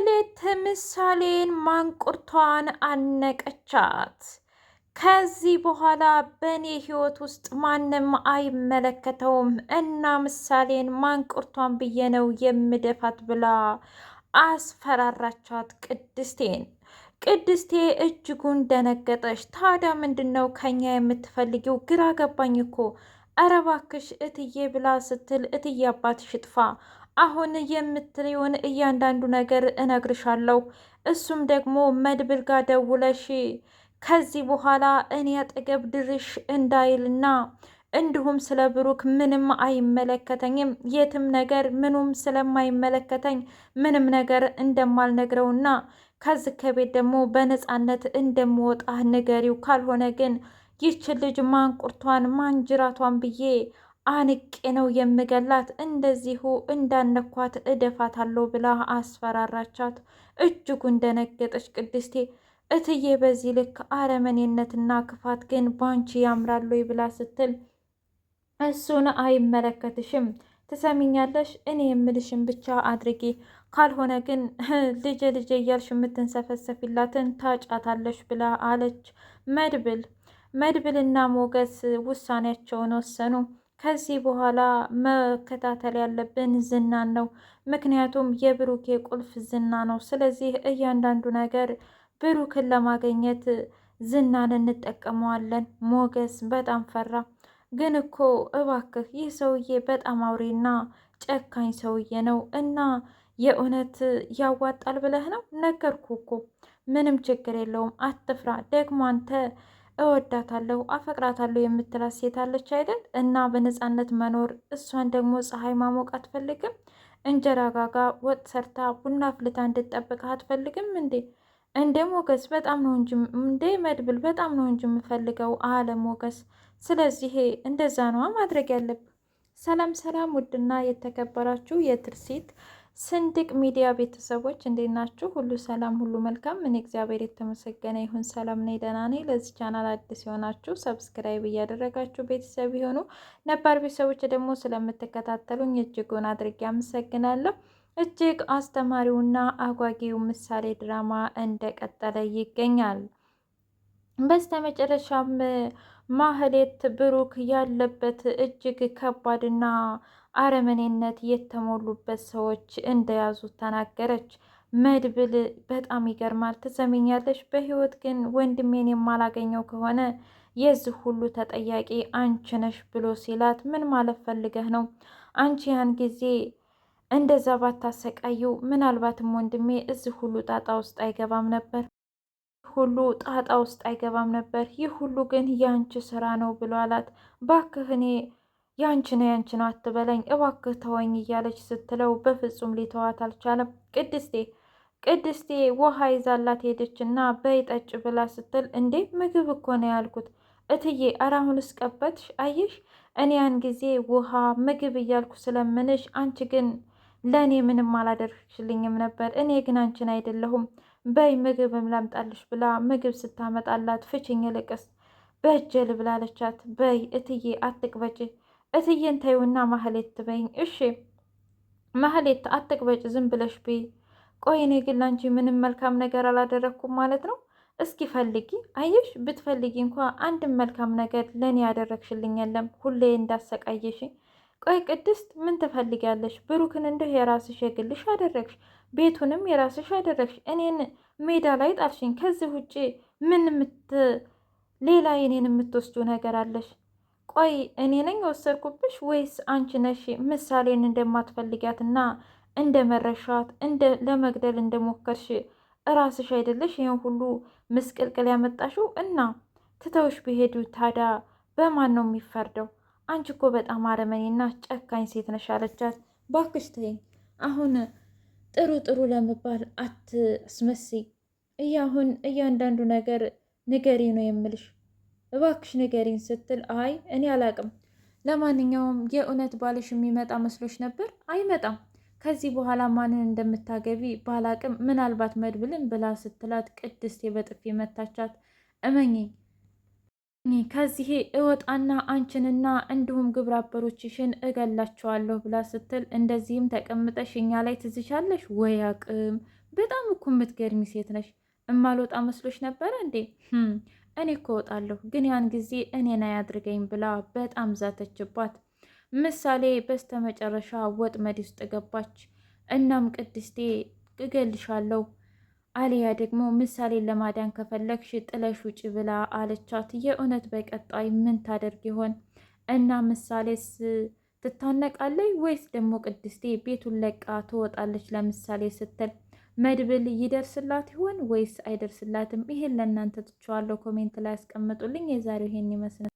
ሄነት ምሳሌን ማንቁርቷን አነቀቻት። ከዚህ በኋላ በእኔ ህይወት ውስጥ ማንም አይመለከተውም እና ምሳሌን ማንቁርቷን ብዬ ነው የምደፋት ብላ አስፈራራቻት ቅድስቴን። ቅድስቴ እጅጉን ደነገጠች። ታዲያ ምንድን ነው ከኛ የምትፈልጊው? ግራ ገባኝ እኮ። ኧረ እባክሽ እትዬ ብላ ስትል እትዬ አባትሽ ሽጥፋ? አሁን የምትለውን እያንዳንዱ ነገር እነግርሻለሁ። እሱም ደግሞ መድብል ጋር ደውለሽ ከዚህ በኋላ እኔ አጠገብ ድርሽ እንዳይልና እንዲሁም ስለ ብሩክ ምንም አይመለከተኝም፣ የትም ነገር ምኑም ስለማይመለከተኝ ምንም ነገር እንደማልነግረውና ከዚህ ከቤት ደግሞ በነፃነት እንደምወጣ ንገሪው። ካልሆነ ግን ይችን ልጅ ማንቁርቷን ማንጅራቷን ብዬ አንቄ ነው የምገላት፣ እንደዚሁ እንዳነኳት እደፋታለሁ ብላ አስፈራራቻት። እጅጉን ደነገጠች ቅድስቴ። እትዬ በዚህ ልክ አረመኔነትና ክፋት ግን ባንቺ ያምራሉ ብላ ስትል እሱን አይመለከትሽም፣ ትሰሚኛለሽ፣ እኔ የምልሽን ብቻ አድርጊ፣ ካልሆነ ግን ልጄ ልጄ እያልሽ የምትንሰፈሰፊላትን ታጫታለሽ ብላ አለች። መድብል መድብልና ሞገስ ውሳኔያቸውን ወሰኑ። ከዚህ በኋላ መከታተል ያለብን ዝናን ነው። ምክንያቱም የብሩኬ ቁልፍ ዝና ነው። ስለዚህ እያንዳንዱ ነገር ብሩክን ለማግኘት ዝናን እንጠቀመዋለን። ሞገስ በጣም ፈራ። ግን እኮ እባክህ ይህ ሰውዬ በጣም አውሬና ጨካኝ ሰውዬ ነው እና የእውነት ያዋጣል ብለህ ነው? ነገርኩ እኮ። ምንም ችግር የለውም አትፍራ። ደግሞ አንተ እወዳታለሁ አፈቅራታለሁ የምትላት ሴት አለች አይደል? እና በነፃነት መኖር እሷን ደግሞ ፀሐይ ማሞቅ አትፈልግም? እንጀራ ጋጋ ወጥ ሰርታ ቡና አፍልታ እንድትጠብቅህ አትፈልግም እንዴ? እንዴ ሞገስ በጣም ነው እንጂ እንዴ መድብል በጣም ነው እንጂ የምፈልገው አለ ሞገስ። ስለዚህ እንደዛ ነዋ ማድረግ ያለብህ። ሰላም ሰላም! ውድና የተከበራችሁ የትርሲት ስንድቅ ሚዲያ ቤተሰቦች እንዴት ናችሁ? ሁሉ ሰላም፣ ሁሉ መልካም። እኔ እግዚአብሔር የተመሰገነ ይሁን ሰላም ነኝ፣ ደህና ነኝ። ለዚህ ቻናል አዲስ የሆናችሁ ሰብስክራይብ እያደረጋችሁ ቤተሰብ የሆኑ ነባር ቤተሰቦች ደግሞ ስለምትከታተሉኝ እጅጉን አድርጌ አመሰግናለሁ። እጅግ አስተማሪውና አጓጊው ምሳሌ ድራማ እንደቀጠለ ይገኛል። በስተመጨረሻም ማህሌት ብሩክ ያለበት እጅግ ከባድና አረመኔነት የተሞሉበት ሰዎች እንደያዙት ተናገረች። መድብል በጣም ይገርማል። ትሰሚኛለሽ፣ በህይወት ግን ወንድሜን የማላገኘው ከሆነ የዚህ ሁሉ ተጠያቂ አንቺ ነሽ ብሎ ሲላት ምን ማለት ፈልገህ ነው? አንቺ ያን ጊዜ እንደዛ ባታሰቃዩ ምናልባትም ወንድሜ እዚህ ሁሉ ጣጣ ውስጥ አይገባም ነበር። ሁሉ ጣጣ ውስጥ አይገባም ነበር። ይህ ሁሉ ግን ያንቺ ስራ ነው ብሎ አላት። ባክህ እኔ ያንቺ ነው ያንቺ ነው አትበለኝ እባክህ ተወኝ እያለች ስትለው በፍጹም ሊተዋት አልቻለም። ቅድስቴ ቅድስቴ ውሃ ይዛላት ሄደች እና በይ ጠጭ ብላ ስትል እንዴ ምግብ እኮ ነው ያልኩት እትዬ ኧረ አሁንስ አየሽ እኔ ያን ጊዜ ውሃ ምግብ እያልኩ ስለምንሽ አንቺ ግን ለእኔ ምንም አላደርግችልኝም ነበር፣ እኔ ግን አንቺን አይደለሁም። በይ ምግብም ላምጣልሽ ብላ ምግብ ስታመጣላት ፍችኝ ልቅስ በእጄ ብላለቻት በይ እትዬ አትቅበጭ፣ እትዬን ታዩና ማህሌት ትበይኝ። እሺ ማህሌት አትቅበጭ፣ ዝም ብለሽ ብይ። ቆይ እኔ ግን ላንቺ ምንም መልካም ነገር አላደረግኩም ማለት ነው? እስኪ ፈልጊ። አየሽ ብትፈልጊ እንኳ አንድም መልካም ነገር ለእኔ ያደረግሽልኝ የለም። ሁሌ እንዳሰቃየሽ ቆይ ቅድስት ምን ትፈልጊያለሽ? ብሩክን እንደው የራስሽ የግልሽ አደረግሽ፣ ቤቱንም የራስሽ አደረግሽ፣ እኔን ሜዳ ላይ ጣልሽኝ። ከዚህ ውጭ ምን ምት ሌላ የኔን የምትወስዱ ነገር አለሽ? ቆይ እኔ ነኝ የወሰድኩብሽ ወይስ አንቺ ነሽ ምሳሌን እንደማትፈልጊያትና እንደ መረሻት እንደ ለመግደል እንደሞከርሽ እራስሽ አይደለሽ ይህን ሁሉ ምስቅልቅል ያመጣሽው? እና ትተውሽ ብሄዱ ታዲያ በማን ነው የሚፈርደው? አንቺ እኮ በጣም አረመኔና ጨካኝ ሴት ነሽ አለቻት። እባክሽ ተይኝ፣ አሁን ጥሩ ጥሩ ለመባል አትስመስይ። አሁን እያንዳንዱ ነገር ንገሪ ነው የምልሽ፣ እባክሽ ንገሪን ስትል አይ እኔ አላቅም። ለማንኛውም የእውነት ባልሽ የሚመጣ መስሎሽ ነበር? አይመጣም። ከዚህ በኋላ ማንን እንደምታገቢ ባላቅም ምናልባት መድብልን ብላ ስትላት ቅድስቴ በጥፊ መታቻት። እመኝኝ ከዚህ እወጣና አንቺንና እንዲሁም ግብረ አበሮችሽን እገላቸዋለሁ ብላ ስትል እንደዚህም ተቀምጠሽ እኛ ላይ ትዝሻለሽ ወይ? አቅም በጣም እኮ የምትገርሚ ሴት ነሽ። እማልወጣ መስሎች ነበረ እንዴ? Hm! እኔ እኮ እወጣለሁ፣ ግን ያን ጊዜ እኔን አያድርገኝ ብላ በጣም ዛተችባት። ምሳሌ በስተመጨረሻ ወጥመድ ውስጥ ገባች። እናም ቅድስቴ እገልሻለሁ አሊያ ደግሞ ምሳሌን ለማዳን ከፈለግሽ ጥለሽ ውጭ ብላ አለቻት። የእውነት በቀጣይ ምን ታደርግ ይሆን እና ምሳሌስ ትታነቃለች ወይስ ደግሞ ቅድስቴ ቤቱን ለቃ ትወጣለች ለምሳሌ ስትል መድብል ይደርስላት ይሆን ወይስ አይደርስላትም? ይሄን ለእናንተ ትችዋለሁ። ኮሜንት ላይ ያስቀምጡልኝ። የዛሬው ይሄን ይመስላል።